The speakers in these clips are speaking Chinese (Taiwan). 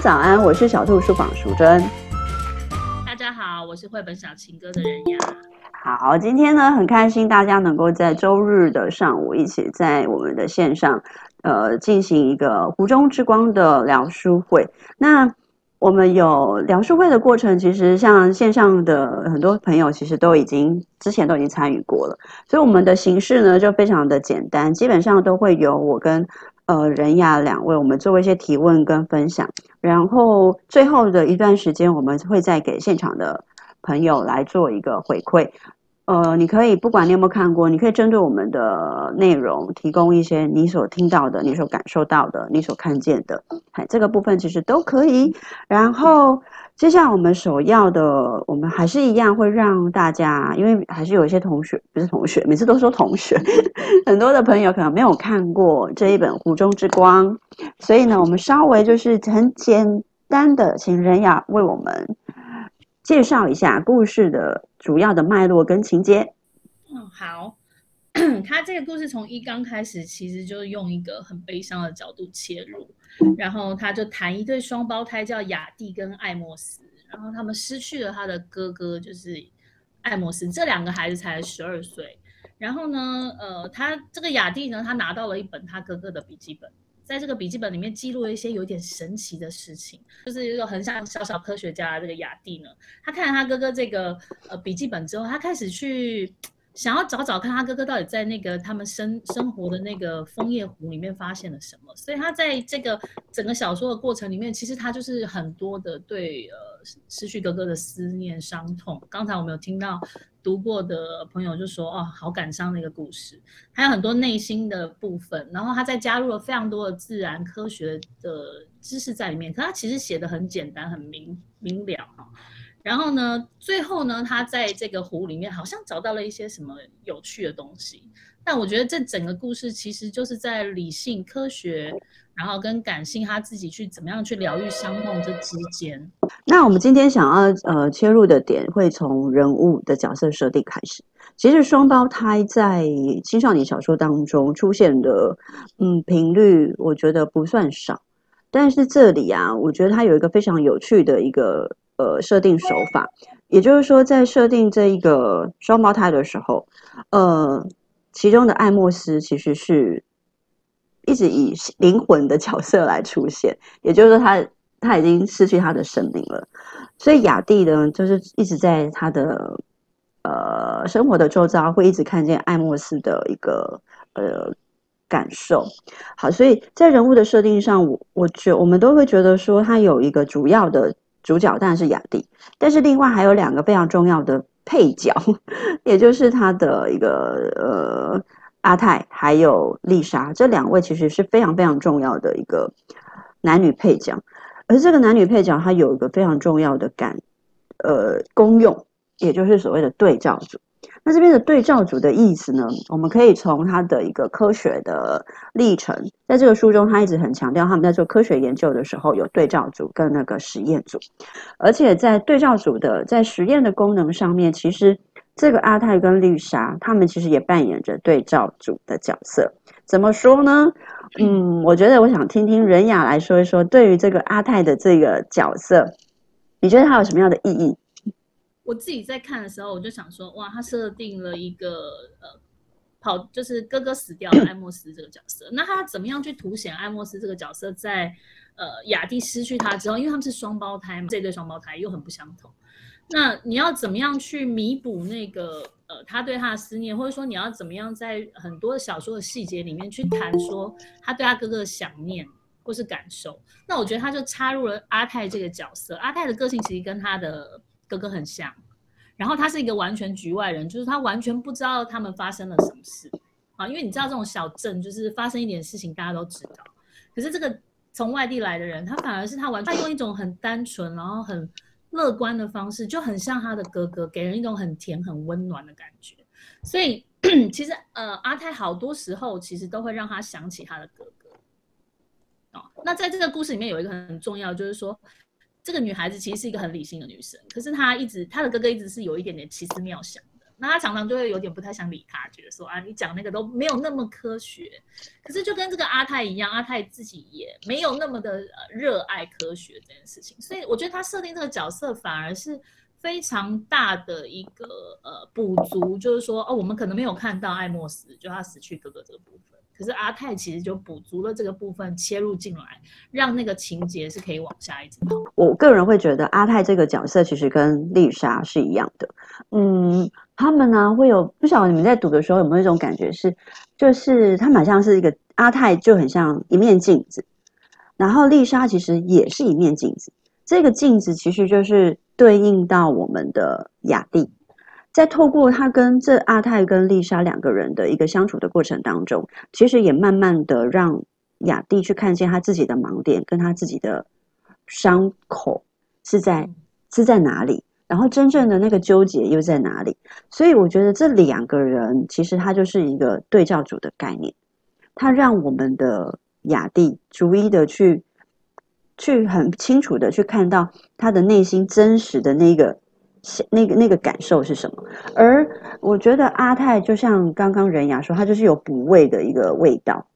早安，我是小兔書房淑珍。大家好，我是繪本小情歌的人雅。好，今天呢，很開心大家能夠在週日的上午一起在我們的線上，呃，進行一個湖中之光的聊書會。那我們有聊書會的過程，其實像線上的很多朋友，其實都已經之前都已經參與過了，所以我們的形式呢就非常的簡單，基本上都會由我跟呃，人亞兩位，我們做一些提問跟分享，然後最後的一段時間，我們會再給現場的朋友來做一個回饋。呃，你可以不管你有沒有看過，你可以針對我們的內容提供一些你所聽到的、你所感受到的、你所看見的，哎，這個部分其實都可以。然後。接下來我們首要的，我們還是一樣會讓大家，因為還是有一些同學不是同學，每次都說同學，很多的朋友可能沒有看過這一本《湖中之光》，所以呢，我們稍微就是很簡單的，請人雅為我們介紹一下故事的主要的脈絡跟情節。嗯，oh, 好。 他這個故事從一剛開始，其實就是用一個很悲傷的角度切入，然後他就談一對雙胞胎叫雅蒂跟艾莫斯，然後他們失去了他的哥哥，就是艾莫斯，這兩個孩子才十二歲。然後呢，呃，他這個雅蒂呢，他拿到了一本他哥哥的筆記本，在這個筆記本裡面記錄了一些有點神奇的事情，就是一個很像小小科學家的這個雅蒂呢，他看了他哥哥這個呃筆記本之後，他開始去想要找找看他哥哥到底在那個他們生生活的那個楓葉湖裡面發現了什麼，所以他在這個整個小說的過程裡面，其實他就是很多的對呃失去哥哥的思念傷痛。剛才我們有聽到讀過的朋友就說，哦，好感傷的一個故事，還有很多內心的部分，然後他在加入了非常多的自然科學的知識在裡面，可他其實寫得很簡單很明明了。然後呢，最後呢，他在這個湖裡面好像找到了一些什麼有趣的東西。但我覺得這整個故事其實就是在理性科學，然後跟感性他自己去怎麼樣去療癒傷痛這之間。那我們今天想要呃切入的點會從人物的角色設定開始。其實雙胞胎在青少年小說當中出現的嗯頻率，我覺得不算少。但是這裡啊，我覺得它有一個非常有趣的一個。呃，設定手法，也就是說，在設定這一個雙胞胎的時候，呃，其中的艾莫斯其實是一直以靈魂的角色來出現，也就是說他，他他已經失去他的生命了，所以雅蒂呢，就是一直在他的呃生活的周遭會一直看見艾莫斯的一個呃感受。好，所以在人物的設定上，我我覺得我們都會覺得說，他有一個主要的。主角當然是雅蒂，但是另外還有兩個非常重要的配角，也就是他的一個呃阿泰還有麗莎，這兩位其實是非常非常重要的一個男女配角，而這個男女配角他有一個非常重要的感呃功用，也就是所謂的對照組。那這邊的對照組的意思呢？我們可以從他的一個科學的歷程，在這個書中，他一直很強調他們在做科學研究的時候有對照組跟那個實驗組，而且在對照組的在實驗的功能上面，其實這個阿泰跟麗莎，他們其實也扮演着對照組的角色。怎麼說呢？嗯，我覺得我想聽聽任雅來說一說，對於這個阿泰的這個角色，你覺得它有什麼樣的意義？我自己在看的時候，我就想說，哇，他設定了一個呃，跑就是哥哥死掉的艾默斯這個角色。那他怎麼樣去凸顯艾默斯這個角色在？在呃，雅蒂失去他之後，因為他們是雙胞胎嘛，這對雙胞胎又很不相同。那你要怎麼樣去彌補那個呃，他對他的思念，或者說你要怎麼樣在很多小說的細節裡面去談說他對他哥哥的想念或是感受？那我覺得他就插入了阿泰這個角色。阿泰的個性其實跟他的。哥哥很像，然後他是一個完全局外人，就是他完全不知道他們發生了什麼事啊。因為你知道，這種小鎮就是發生一點事情，大家都知道。可是這個從外地來的人，他反而是他完全用一種很單純，然後很樂觀的方式，就很像他的哥哥，給人一種很甜、很溫暖的感覺。所以 其實呃，阿泰好多時候其實都會讓他想起他的哥哥。啊，那在這個故事裡面有一個很重要的，就是說。這個女孩子其實是一個很理性的女生，可是她一直她的哥哥一直是有一點點奇思妙想的，那她常常就會有點不太想理他，覺得說啊，你講那個都沒有那麼科學。可是就跟這個阿泰一樣，阿泰自己也沒有那麼的熱愛科學這件事情，所以我覺得他設定這個角色反而是非常大的一個呃，補足，就是說哦，我們可能沒有看到愛莫斯就他死去哥哥這個部分。可是阿泰其實就補足了這個部分，切入進來，讓那個情節是可以往下一直跑。我個人會覺得阿泰這個角色其實跟麗莎是一樣的，嗯，他們呢會有，不曉得你們在讀的時候有沒有一種感覺是，就是他們好像是一個，阿泰就很像一面鏡子，然後麗莎其實也是一面鏡子，這個鏡子其實就是對應到我們的雅蒂。在透過他跟這阿泰跟麗莎兩個人的一個相處的過程當中，其實也慢慢的讓雅蒂去看見他自己的盲點跟他自己的傷口是在是在哪裡，然後真正的那個糾結又在哪裡。所以我覺得這兩個人其實他就是一個對照組的概念，他讓我們的雅蒂逐一的去去很清楚的去看到他的內心真實的那個。那個那個感受是什麼？而我覺得阿泰就像剛剛人雅說，他就是有補位的一個味道，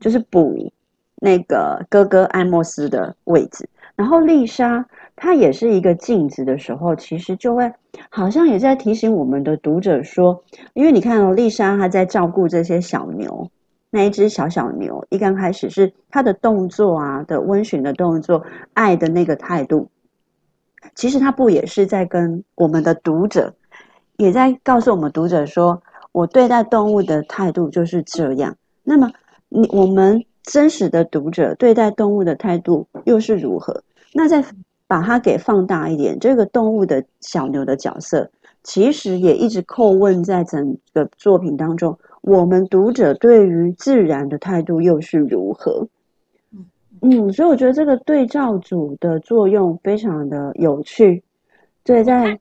就是補那個哥哥艾莫斯的位置。然後麗莎她也是一個鏡子的時候，其實就會好像也在提醒我們的讀者說，因為你看哦，麗莎她在照顧這些小牛，那一只小小牛一剛開始是她的動作啊的溫馴的動作，愛的那個態度。其實他不也是在跟我們的讀者，也在告訴我們讀者說，我對待動物的態度就是這樣。那麼，你我們真實的讀者對待動物的態度又是如何？那再把它給放大一點，這個動物的小牛的角色，其實也一直叩問在整個作品當中，我們讀者對於自然的態度又是如何？嗯，所以我覺得這個對照組的作用非常的有趣。對，在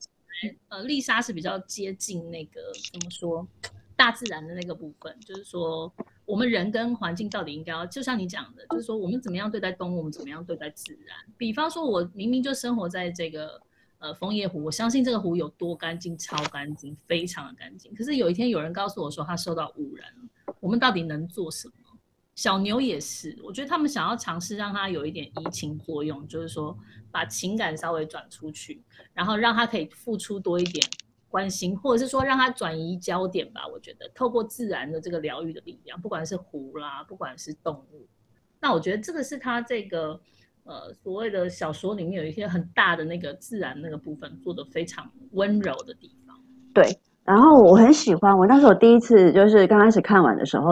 呃，麗莎是比較接近那個怎麼說大自然的那個部分，就是說我們人跟環境到底應該要，就像你講的，就是說我們怎麼樣對待動物，我們怎麼樣對待自然。比方說，我明明就生活在這個呃楓葉湖，我相信這個湖有多乾淨，超乾淨，非常的乾淨。可是有一天有人告訴我說它受到污染了，我們到底能做什麼？小牛也是，我覺得他們想要嘗試讓他有一點移情作用，就是說把情感稍微轉出去，然後讓他可以付出多一點關心，或者是說讓他轉移焦點吧。我覺得透過自然的這個療癒的力量，不管是湖啦、啊，不管是動物，那我覺得這個是他這個呃所謂的小說裡面有一些很大的那個自然那個部分做得非常溫柔的地方。對，然後我很喜歡，我當時我第一次就是剛開始看完的時候。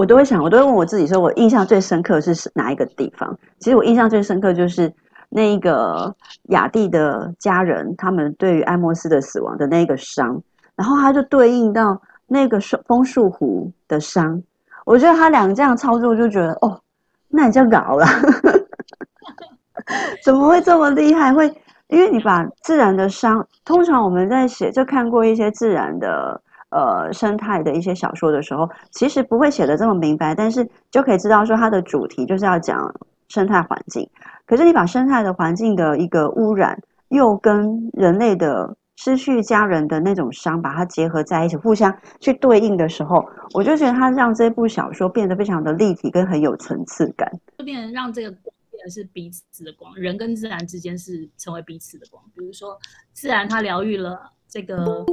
我都會想，我都會問我自己說，說我印象最深刻是哪一個地方？其實我印象最深刻就是那一個雅蒂的家人，他們對於埃莫斯的死亡的那個傷，然後他就對應到那個楓樹湖的傷。我覺得他兩個這樣操作，就覺得哦，那你就搞了， 怎麼會這麼厲害？會因為你把自然的傷，通常我們在寫，就看過一些自然的。呃，生態的一些小說的時候，其實不會寫的這麼明白，但是就可以知道說它的主題就是要講生態環境。可是你把生態的環境的一個污染，又跟人類的失去家人的那種傷，把它結合在一起，互相去對應的時候，我就覺得它讓這部小說變得非常的立體，跟很有層次感，就變成讓這個光，變得是彼此的光，人跟自然之間是成為彼此的光。比如說，自然它療癒了。這個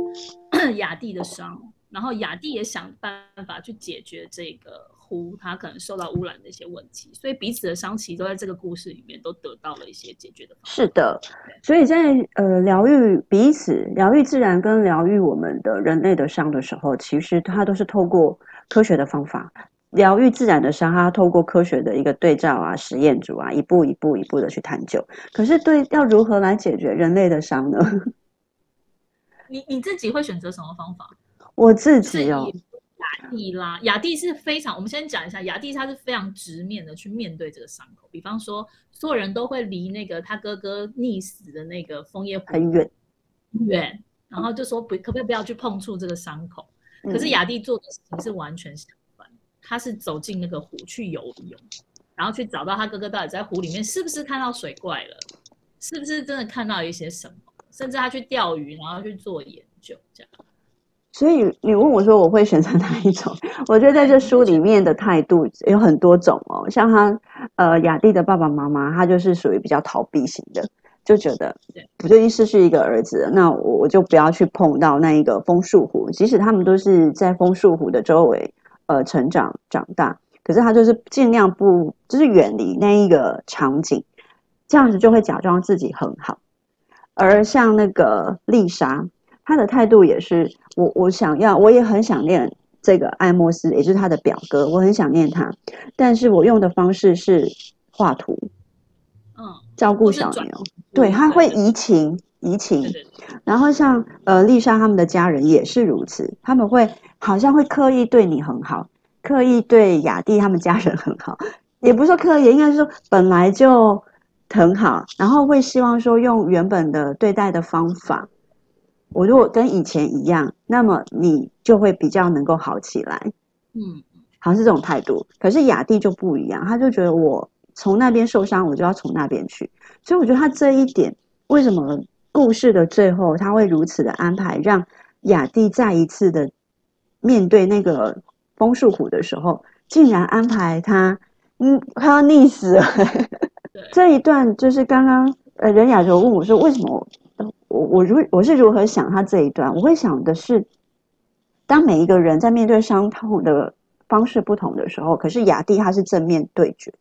雅蒂的傷，然後雅蒂也想辦法去解決這個湖，它可能受到污染的一些問題。所以彼此的傷其實都在這個故事裡面都得到了一些解決的方法。是的，對所以在呃療癒彼此、療癒自然跟療癒我們的人類的傷的時候，其實它都是透過科學的方法療癒自然的傷。它透過科學的一個對照啊、實驗組啊，一步一步一步的去探究。可是對，要如何來解決人類的傷呢？你你自己會選擇什麼方法？我自己哦，己雅蒂啦，雅蒂是非常，我們先講一下，雅蒂，她是非常直面的去面對這個傷口。比方說，所有人都會離那個他哥哥溺死的那個楓葉湖很遠，很遠，然後就說不，嗯、可不可以不要去碰觸這個傷口？可是雅蒂做的事情是完全相反，他是走進那個湖去游泳，然後去找到他哥哥到底在湖裡面是不是看到水怪了，是不是真的看到一些什麼？甚至他去釣魚，然後去做研究，這樣。所以你問我說，我會選擇哪一種？我覺得在這書裡面的態度有很多種哦。像他，呃，雅蒂的爸爸媽媽，他就是屬於比較逃避型的，就覺得，不對，我最近失去一個兒子，那我我就不要去碰到那一個楓樹湖。即使他們都是在楓樹湖的周圍，呃，成長長大，可是他就是盡量不，就是遠離那一個場景，這樣子就會假裝自己很好。而像那個麗莎，她的態度也是我我想要，我也很想念這個艾莫斯，也就是他的表哥，我很想念他，但是我用的方式是畫圖，嗯，照顧小牛，對，他會移情移情，對對對，然後像呃麗莎他們的家人也是如此，他們會好像會刻意對你很好，刻意對雅蒂他們家人很好，也不是說刻意，應該是說本來就。很好，然後會希望說用原本的對待的方法。我如果跟以前一樣，那麼你就會比較能夠好起來。嗯，好像是這種態度。可是雅蒂就不一樣，他就覺得我從那邊受傷，我就要從那邊去。所以我覺得他這一點，為什麼故事的最後他會如此的安排，讓雅蒂再一次的面對那個楓樹谷的時候，竟然安排他，嗯，快要溺死了。 這一段就是剛剛，呃，任雅柔問我說：「為什麼我我如我是如何想他這一段？」我會想的是，當每一個人在面對傷痛的方式不同的時候，可是雅蒂他是正面對決，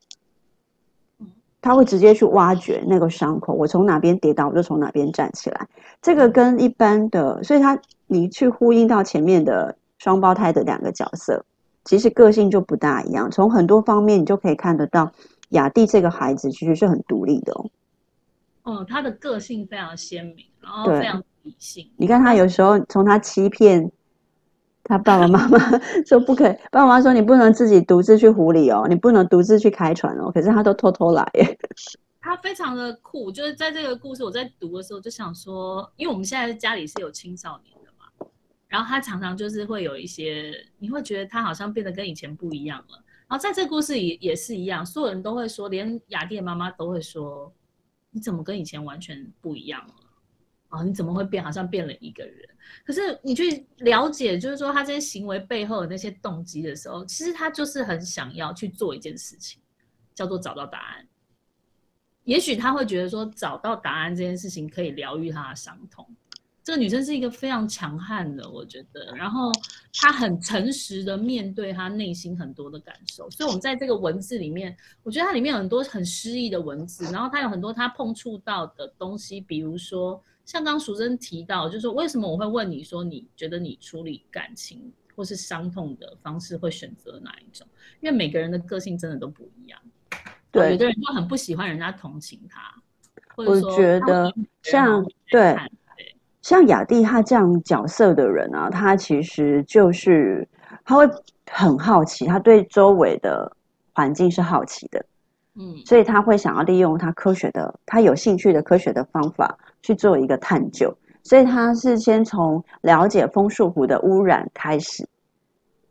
他會直接去挖掘那個傷口。我從哪邊跌倒，我就從哪邊站起來。這個跟一般的，所以他你去呼應到前面的雙胞胎的兩個角色，其實個性就不大一樣。從很多方面，你就可以看得到。雅蒂這個孩子其實是很獨立的哦，哦，他的個性非常鮮明，然後非常理性。你看他有時候從他欺騙他爸爸媽媽說不可以，爸爸媽媽說你不能自己獨自去湖裡哦，你不能獨自去開船哦，可是他都偷偷來。他非常的酷，就是在這個故事我在讀的時候就想說，因為我們現在家裡是有青少年的嘛，然後他常常就是會有一些，你會覺得他好像變得跟以前不一樣了。啊，在這個故事也也是一樣，所有人都會說，連雅蒂的媽媽都會說，你怎麼跟以前完全不一樣了？啊，你怎麼會變，好像變了一個人？可是你去了解，就是說他這些行為背後的那些動機的時候，其實他就是很想要去做一件事情，叫做找到答案。也許他會覺得說，找到答案這件事情可以療癒他的傷痛。這個女生是一個非常強悍的，我覺得，然後她很誠實的面對她內心很多的感受，所以我們在這個文字裡面，我覺得它裡面有很多很詩意的文字，然後它有很多她碰觸到的東西，比如說像剛淑珍提到，就是說為什麼我會問你說，你覺得你處理感情或是傷痛的方式會選擇哪一種？因為每個人的個性真的都不一樣，對，有的人就很不喜歡人家同情他，或者說像對。像雅蒂他這樣角色的人啊，他其實就是他會很好奇，他對周圍的環境是好奇的，嗯，所以他會想要利用他科學的，他有興趣的科學的方法去做一個探究。所以他是先從了解楓樹湖的污染開始，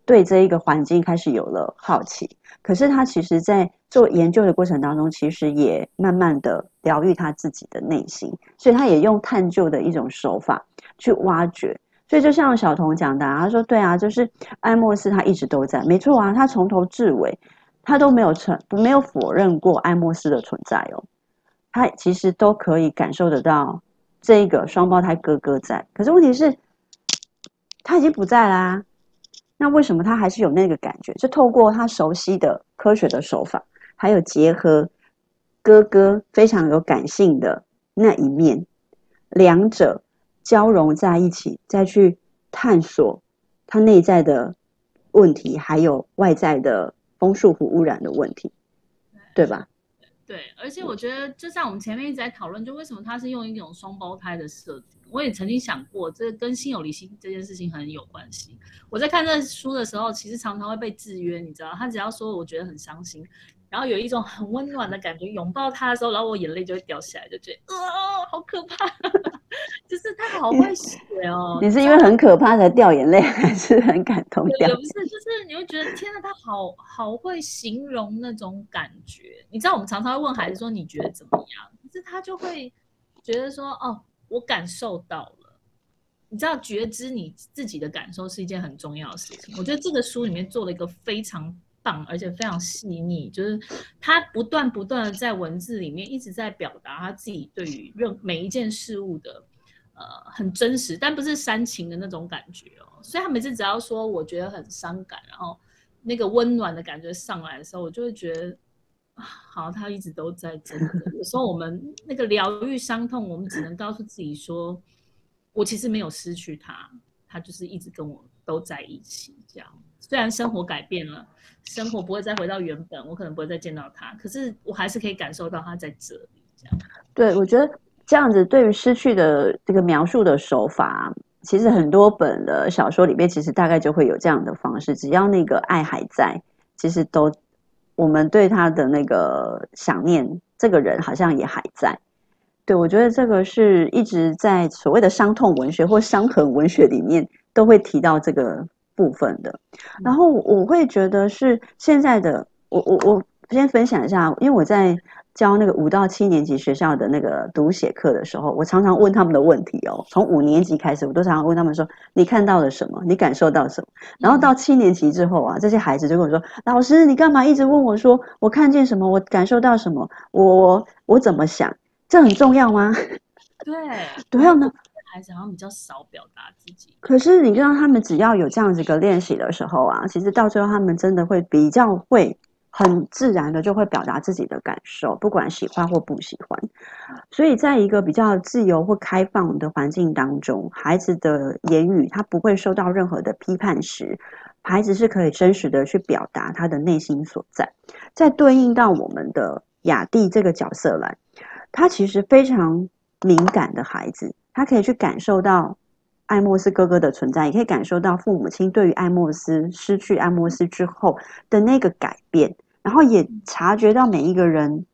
對這一個環境開始有了好奇。可是他其實在做研究的過程當中，其實也慢慢的。療癒他自己的內心，所以他也用探究的一種手法去挖掘。所以就像小童講的，他說：“對啊，就是愛默斯，他一直都在，沒錯啊，他從頭至尾，他都沒有承，沒有否認過愛默斯的存在哦。他其實都可以感受得到這一個雙胞胎哥哥在。可是問題是，他已經不在啦。那為什麼他還是有那個感覺？就透過他熟悉的科學的手法，還有結合。”哥哥非常有感性的那一面，兩者交融在一起，再去探索他內在的問題，還有外在的風速湖污染的問題，對吧？對，對，而且我覺得就像我們前面一直在討論，就為什麼他是用一種雙胞胎的設計，我也曾經想過，這跟心有靈犀這件事情很有關係。我在看這書的時候，其實常常會被制約，你知道，他只要說，我覺得很傷心。然後有一種很溫暖的感覺，擁抱他的時候，然後我眼淚就會掉下來，就覺得哦、呃，好可怕， 就是他好會寫哦。你是因為很可怕才掉眼淚，還是很感動掉？也不是，就是你會覺得天哪，他好好會形容那種感覺。 你知道，我們常常會問孩子說你覺得怎麼樣？可是他就會覺得說哦，我感受到了。你知道，覺知你自己的感受是一件很重要的事情。我覺得這個書裡面做了一個非常。而且非常細膩，就是他不斷不斷的在文字裡面一直在表達他自己對於任每一件事物的呃，很真實，但不是煽情的那種感覺哦。所以他每次只要說，我覺得很傷感，然後那個溫暖的感覺上來的時候，我就會覺得好，他一直都在真的。有時候我們那個療癒傷痛，我們只能告訴自己說，我其實沒有失去他，他就是一直跟我都在一起，這樣。雖然生活改變了，生活不會再回到原本，我可能不會再見到他，可是我還是可以感受到他在這裡這樣。對，我覺得這樣子對於失去的這個描述的手法，其實很多本的小說裡面，其實大概就會有這樣的方式。只要那個愛還在，其實都我們對他的那個想念，這個人好像也還在。對，我覺得這個是一直在所謂的傷痛文學或傷痕文學裡面都會提到這個。部分的，然後我，我會覺得是現在的，我我我先分享一下，因為我在教那個五到七年級學校的那個讀寫課的時候，我常常問他們的問題哦。從五年級開始，我都常常問他們說：“你看到了什麼？你感受到什麼？”然後到七年級之後啊，這些孩子就跟我說：“老師，你幹嘛一直問我說我看見什麼？我感受到什麼？我我我怎麼想？這很重要嗎？”對，對啊？ 孩子好像比較少表達自己，可是你知道，他們只要有這樣子一個練習的時候啊，其實到最後，他們真的會比較會很自然的就會表達自己的感受，不管喜歡或不喜歡。所以，在一個比較自由或開放的環境當中，孩子的言語他不會受到任何的批判時，孩子是可以真實的去表達他的內心所在。再對應到我們的雅蒂這個角色來，他其實非常敏感的孩子。他可以去感受到艾莫斯哥哥的存在，也可以感受到父母親對於艾莫斯失去艾莫斯之後的那個改變，然後也察覺到每一個人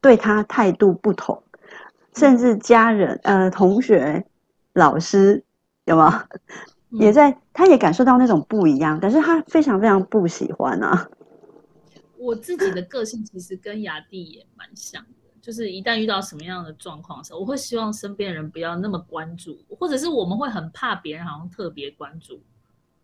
對他態度不同，甚至家人、呃、同學、老師，有嗎？也在，他也感受到那種不一樣，但是他非常非常不喜歡啊。我自己的個性其實跟雅蒂也蠻像的。就是一旦遇到什麼樣的狀況的時候，我會希望身邊人不要那麼關注，或者是我們會很怕別人好像特別關注，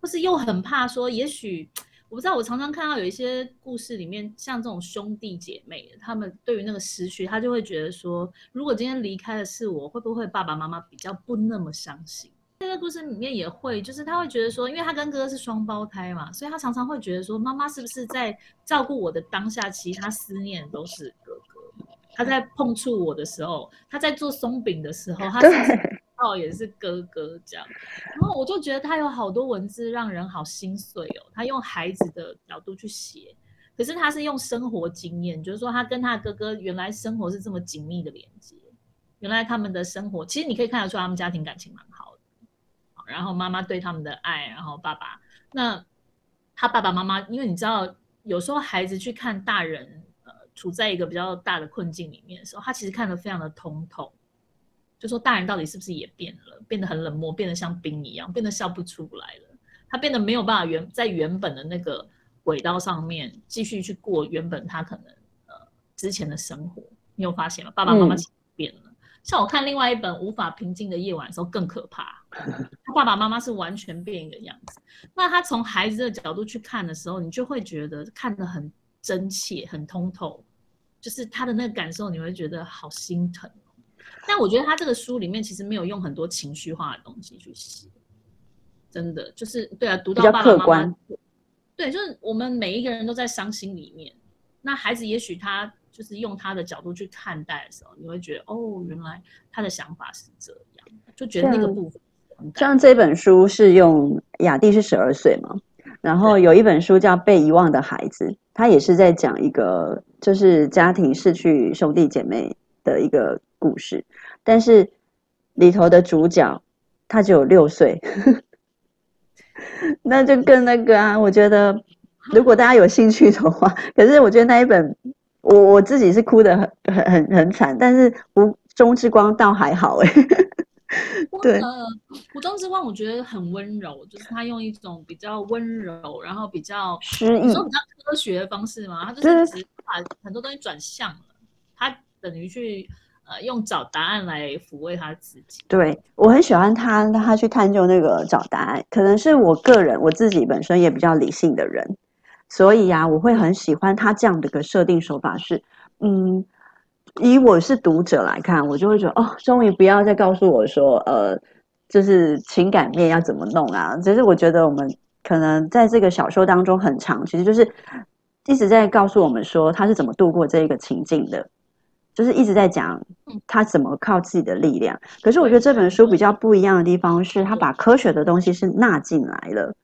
或是又很怕說也，也許我不知道，我常常看到有一些故事裡面，像這種兄弟姐妹，他們對於那個失去，他就會覺得說，如果今天離開的是我，會不會爸爸媽媽比較不那麼傷心？這個故事裡面也會，就是他會覺得說，因為他跟哥哥是雙胞胎嘛，所以他常常會覺得說，媽媽是不是在照顧我的當下，其他思念都是哥哥。他在碰觸我的時候，他在做松餅的時候，他聽到也是哥哥這樣，對然後我就覺得他有好多文字讓人好心碎哦。他用孩子的角度去寫，可是他是用生活經驗，就是說他跟他哥哥原來生活是這麼緊密的連接，原來他們的生活其實你可以看得出他們家庭感情蠻好的好。然後媽媽對他們的愛，然後爸爸，那他爸爸媽媽，因為你知道有時候孩子去看大人。處在一個比較大的困境裡面的時候，他其實看得非常的通透，就說大人到底是不是也變了，變得很冷漠，變得像冰一樣，變得笑不出來了。他變得沒有辦法原在原本的那個軌道上面繼續去過原本他可能呃之前的生活。你有發現嗎？爸爸媽媽其實變了。嗯、像我看另外一本《無法平靜的夜晚》的時候更可怕，他爸爸媽媽是完全變一個樣子。那他從孩子的角度去看的時候，你就會覺得看得很真切，很通透。就是他的那個感受，你會覺得好心疼。但我覺得他這個書裡面其實沒有用很多情緒化的東西去寫，真的就是對啊，讀到爸爸媽媽，比較客觀，對，就是我們每一個人都在傷心裡面。那孩子也許他就是用他的角度去看待的時候，你會覺得哦，原來他的想法是這樣，就覺得那個部分像。像這本書是用雅蒂是十二歲嘛，然後有一本書叫《被遺忘的孩子》，他也是在講一個。就是家庭失去兄弟姐妹的一個故事，但是裡頭的主角他只有六歲， 那就更那個啊！我覺得如果大家有興趣的話，可是我覺得那一本我我自己是哭得很很很很慘，但是《湖中之光》倒還好誒 對，湖中之光我覺得很溫柔，就是他用一種比較溫柔，然後比較、嗯、你說比較科學的方式嘛，他就是把很多東西轉向了，他等於去呃用找答案來撫慰他自己。對，我很喜歡他，他去探究那個找答案，可能是我個人我自己本身也比較理性的人，所以呀、啊，我會很喜歡他這樣的一個設定手法是，嗯。以我是讀者來看，我就會覺得哦，終於不要再告訴我說，呃，就是情感面要怎麼弄啊。只是我覺得我們可能在這個小說當中很長，其實就是一直在告訴我們說他是怎麼度過這一個情境的，就是一直在講他怎麼靠自己的力量。可是我覺得這本書比較不一樣的地方是，他把科學的東西是納進來了，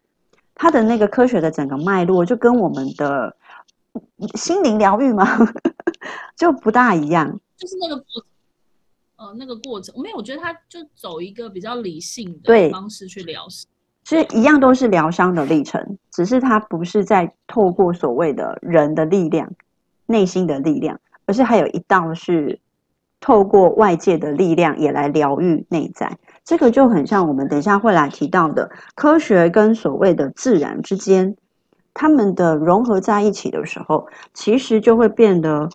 他的那個科學的整個脈絡就跟我們的心靈療癒嗎就不大一樣，就是那個過，呃，那個過程，沒有，我覺得他就走一個比較理性的方式去療傷，所以一樣都是療傷的歷程，只是他不是在透過所謂的人的力量、內心的力量，而是還有一道是透過外界的力量也來療癒內在。這個就很像我們等一下會來提到的科學跟所謂的自然之間，他們的融合在一起的時候，其實就會變得。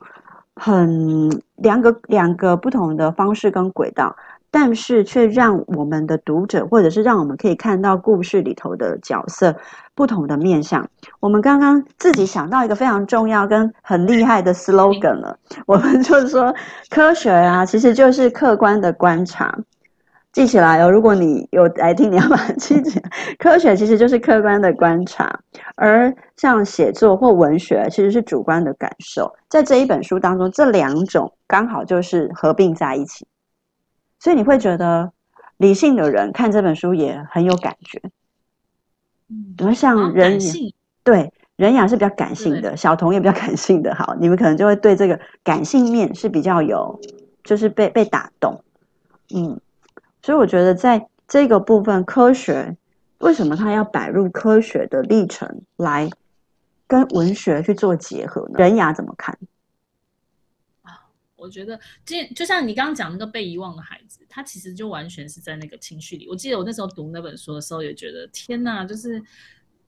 很兩個兩個不同的方式跟軌道，但是卻讓我們的讀者，或者是讓我們可以看到故事裡頭的角色不同的面向。我們剛剛自己想到一個非常重要跟很厲害的 slogan 了，我們就說科學啊，其實就是客觀的觀察。記起來哦，如果你有來聽，你要把它記起來。 科學其實就是客觀的觀察，而像寫作或文學，其實是主觀的感受。在這一本書當中，這兩種剛好就是合併在一起，所以你會覺得理性的人看這本書也很有感覺。嗯，而像人性對，人雅是比較感性的，對對，小童也比較感性的，好，你們可能就會對這個感性面是比較有，就是被被打動，嗯。所以我覺得，在這個部分，科學為什麼它要擺入科學的歷程來跟文學去做結合呢？人牙怎麼看？啊，我覺得，就就像你剛剛講那個被遺忘的孩子，他其實就完全是在那個情緒裡。我記得我那時候讀那本書的時候，也覺得天哪，就是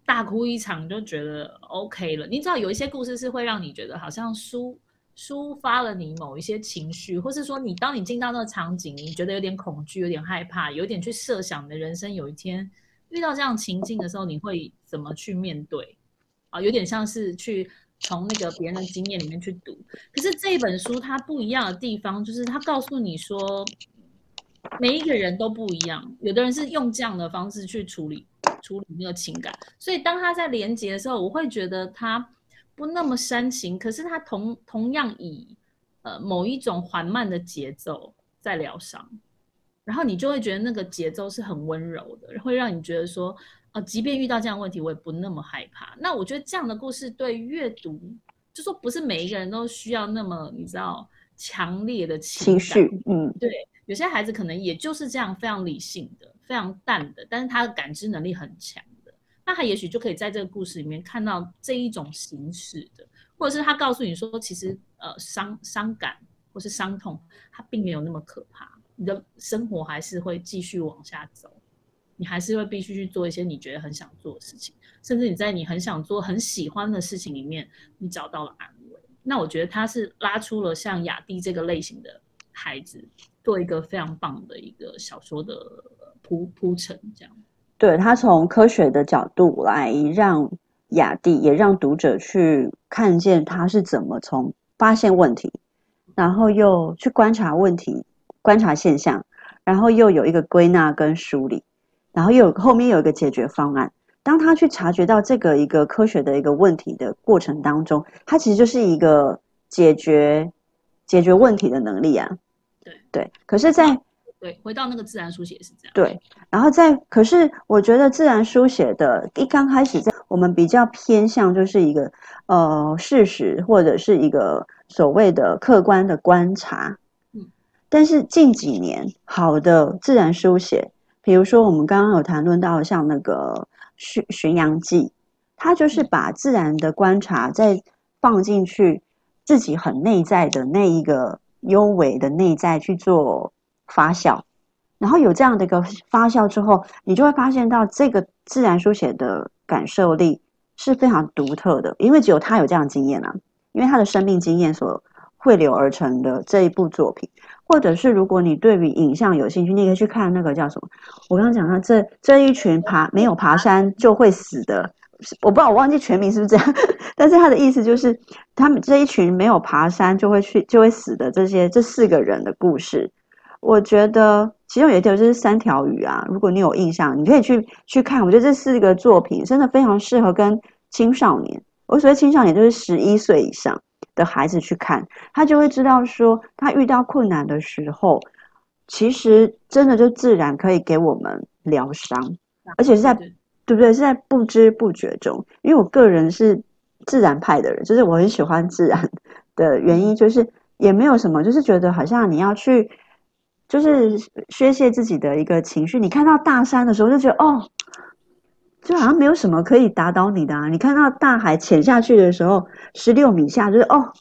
大哭一場就覺得 OK 了。你知道，有一些故事是會讓你覺得好像書。抒發了你某一些情緒，或是說你當你進到那個場景，你覺得有點恐懼、有點害怕、有點去設想你的人生有一天遇到這樣情境的時候，你會怎麼去面對？啊，有點像是去從那個別人的經驗裡面去讀。可是這本書它不一樣的地方，就是它告訴你說，每一個人都不一樣，有的人是用這樣的方式去處理處理那個情感。所以當他在連接的時候，我會覺得他不那麼煽情，可是他同同樣以呃某一種緩慢的節奏在療傷，然後你就會覺得那個節奏是很溫柔的，會讓你覺得說，呃，即便遇到這樣的問題，我也不那麼害怕。那我覺得這樣的故事對閱讀，就說不是每一個人都需要那麼你知道強烈的情，情緒，嗯，對，有些孩子可能也就是這樣，非常理性的，非常淡的，但是他的感知能力很強。那他也許就可以在這個故事裡面看到這一種形式的，或者是他告訴你說，其實呃傷傷感或是傷痛，它並沒有那麼可怕，你的生活還是會繼續往下走，你還是會必須去做一些你覺得很想做的事情，甚至你在你很想做很喜歡的事情裡面，你找到了安慰。那我覺得他是拉出了像雅蒂這個類型的孩子，做一個非常棒的一個小說的鋪鋪陳，這樣。.對，他從科學的角度來讓雅蒂也讓讀者去看見他是怎麼從發現問題，然後又去觀察問題、觀察現象，然後又有一個歸納跟梳理，然後又有後面有一個解決方案。當他去察覺到這個一個科學的一個問題的過程當中，他其實就是一個解決解決問題的能力啊。對對，可是，在。對，回到那個自然書寫是這樣的。對，然後在可是我覺得自然書寫的，一剛開始我們比較偏向就是一個呃事實或者是一個所謂的客觀的觀察。嗯。但是近幾年好的自然書寫，比如說我們剛剛有談論到像那個《巡巡洋記》，他就是把自然的觀察再放進去自己很內在的那一個幽微的內在去做。發酵，然後有這樣的一個發酵之後，你就會發現到這個自然書寫的感受力是非常獨特的，因為只有他有這樣的經驗啊，因為他的生命經驗所匯流而成的這一部作品，或者是如果你對於影像有興趣，你可以去看那個叫什麼，我剛剛講到這這一群爬沒有爬山就會死的，我不知道我忘記全名是不是這樣， 但是他的意思就是他們這一群沒有爬山就會去就會死的這些這四個人的故事。我覺得其中有一條就是三條魚啊。如果你有印象，你可以去去看。我覺得這四個作品真的非常適合跟青少年，我所謂青少年就是十一歲以上的孩子去看，他就會知道說，他遇到困難的時候，其實真的就自然可以給我們療傷，而且是在對，對不對？是在不知不覺中。因為我個人是自然派的人，就是我很喜歡自然的原因，就是也沒有什麼，就是覺得好像你要去。就是宣洩自己的一個情緒。你看到大山的時候，就覺得哦，就好像沒有什麼可以打倒你的；啊，你看到大海潛下去的時候，十六米下就是哦，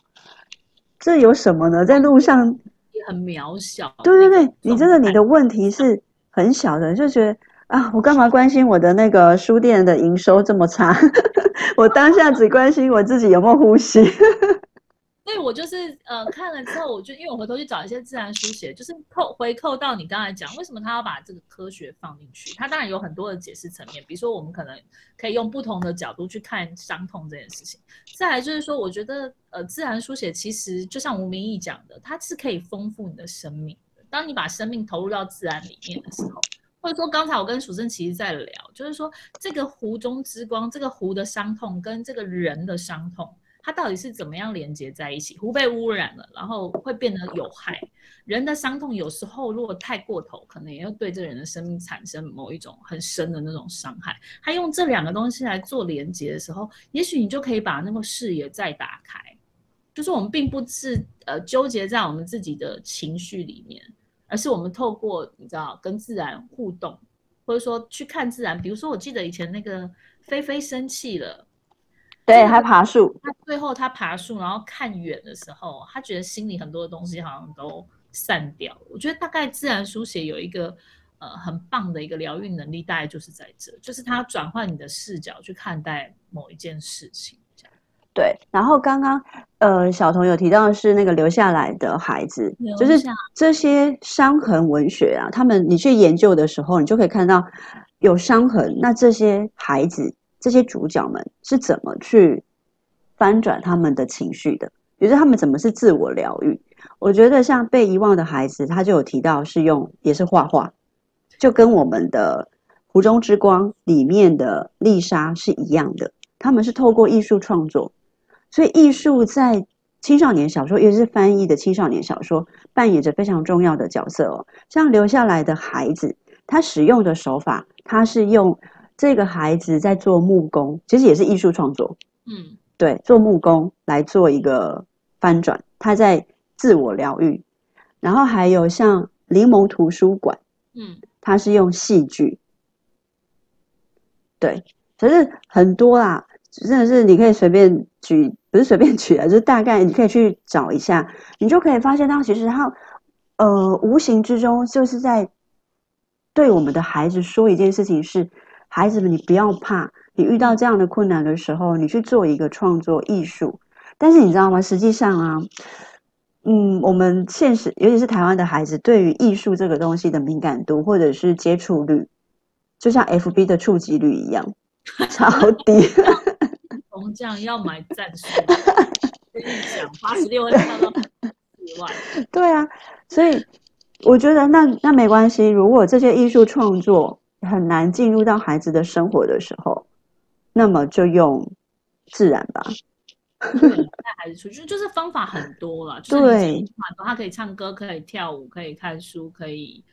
這有什麼呢？在路上也很渺小。對對對，你真的你的問題是很小的，就覺得啊，我幹嘛關心我的那個書店的營收這麼差？ 我當下只關心我自己有沒有呼吸。 所以我就是，呃，看了之後，我就因為我回頭去找一些自然書寫，就是扣回扣到你剛才講，為什麼他要把這個科學放進去？他當然有很多的解釋層面，比如說我們可能可以用不同的角度去看傷痛這件事情。再來就是說，我覺得，呃，自然書寫其實就像吳明益講的，它是可以豐富你的生命的，當你把生命投入到自然裡面的時候，或者說剛才我跟蜀正其實在聊，就是說這個湖中之光，這個湖的傷痛跟這個人的傷痛。它到底是怎麼樣連接在一起？湖被汙染了，然後會變得有害。人的傷痛有時候如果太過頭，可能也會對這個人的生命產生某一種很深的那種傷害。他用這兩個東西來做連接的時候，也許你就可以把那個視野再打開。就是我們並不是呃糾結在我們自己的情緒裡面，而是我們透過你知道跟自然互動，或者說去看自然。比如說，我記得以前那個菲菲生氣了。對，他、那個、爬樹。他最後他爬樹，然後看遠的時候，他覺得心裡很多的東西好像都散掉了。我覺得大概自然書寫有一個呃很棒的一個療癒能力，大概就是在這，就是他轉換你的視角去看待某一件事情這樣。對，然後剛剛呃小童有提到的是那個留下來的孩子，留下就是這些傷痕文學啊，他們你去研究的時候，你就可以看到有傷痕，那這些孩子。這些主角們是怎麼去翻轉他們的情緒的？比如說他們怎麼是自我療癒？我覺得像《被遺忘的孩子》，他就有提到是用，也是畫畫，就跟我們的《湖中之光》裡面的麗莎是一樣的。他們是透過藝術創作，所以藝術在青少年小說，尤其是翻譯的青少年小說，扮演着非常重要的角色哦。像留下來的孩子，他使用的手法，他是用。這個孩子在做木工，其實也是藝術創作。嗯，對，做木工來做一個翻轉，他在自我療癒。然後還有像檸檬圖書館，嗯，他是用戲劇，嗯、對，可是很多啦，真的是你可以隨便舉，不是隨便舉啊，就是，大概你可以去找一下，你就可以發現到其實他，呃，無形之中就是在對我們的孩子說一件事情是。孩子們，你不要怕，你遇到這樣的困難的時候，你去做一個創作藝術。但是你知道嗎？實際上啊，嗯，我們現實，尤其是台灣的孩子，對於藝術這個東西的敏感度，或者是接觸率，就像 FB 的觸及率一樣，超低。工匠要買戰術，跟你講，八十六會跳到四萬。對啊，所以我覺得那那沒關係，如果這些藝術創作，很難進入到孩子的生活的時候，那麼就用自然吧。帶 孩子出去就是方法很多了， 對就是他可以唱歌，可以跳舞，可以看書，可以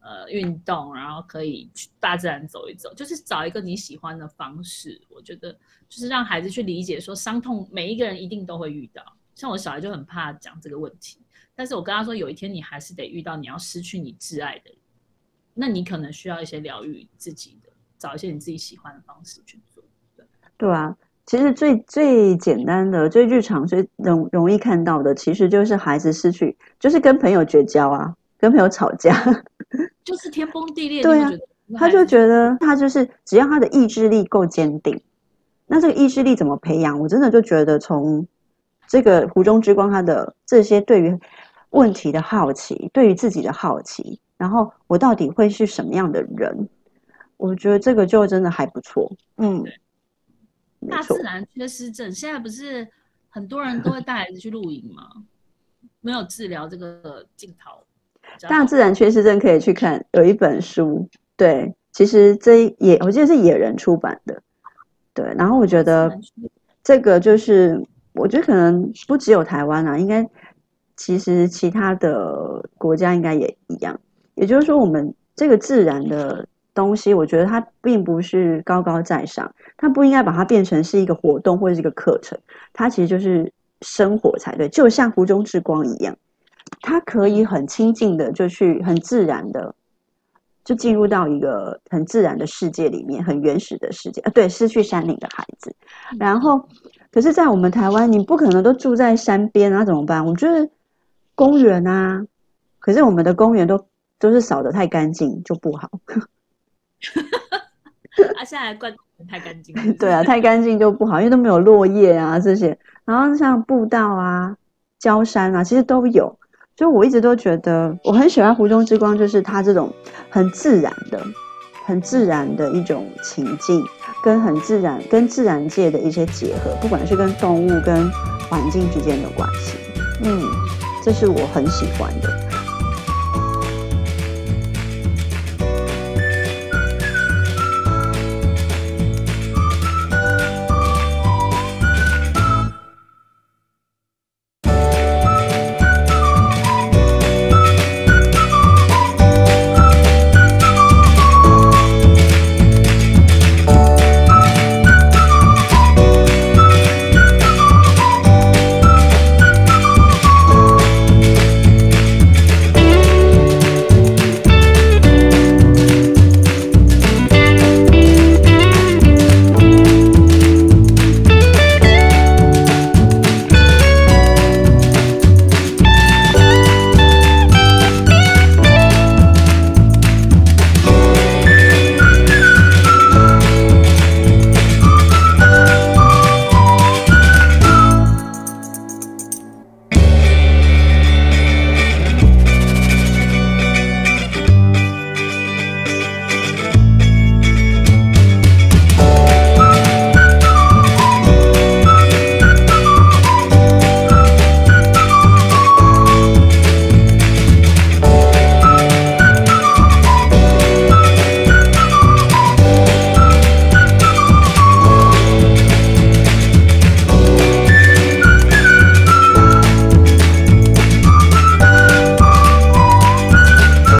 呃、運動，然後可以去大自然走一走，就是找一個你喜歡的方式。我覺得就是讓孩子去理解說，傷痛每一個人一定都會遇到。像我小孩就很怕講這個問題，但是我跟他說，有一天你還是得遇到，你要失去你摯愛的人。那你可能需要一些療癒自己的，找一些你自己喜歡的方式去做。對，對啊，其實最最簡單的、最日常、最容容易看到的，其實就是孩子失去，就是跟朋友絕交啊，跟朋友吵架，就是天崩地裂。 對啊，有有他就覺得他就是只要他的意志力夠堅定，那這個意志力怎麼培養？我真的就覺得從這個湖中之光，他的這些對於問題的好奇，對於自己的好奇。然後我到底會是什麼樣的人？我覺得這個就真的還不錯。嗯，對錯大自然缺失症現在不是很多人都會帶孩子去露營嗎？ 沒有治療這個鏡頭。大自然缺失症可以去看，有一本書。對，其實這也我記得是野人出版的。對，然後我覺得這個就是，我覺得可能不只有台灣啊，應該其實其他的國家應該也一樣。也就是說，我們這個自然的東西，我覺得它並不是高高在上，它不應該把它變成是一個活動或者是一個課程，它其實就是生活才對，就像湖中之光一樣，它可以很親近的就去很自然的就進入到一個很自然的世界裡面，很原始的世界啊，對，失去山林的孩子，然後可是，在我們台灣，你不可能都住在山邊啊，怎麼辦？我覺得公園啊，可是我們的公園都。都是掃的太乾淨就不好， 啊，現在罐太乾淨 對啊，太乾淨就不好，因為都沒有落葉啊這些。然後像步道啊、郊山啊，其實都有。所以我一直都覺得，我很喜歡湖中之光，就是它這種很自然的、很自然的一種情境，跟很自然跟自然界的一些結合，不管是跟動物跟環境之間的關係，嗯，這是我很喜歡的。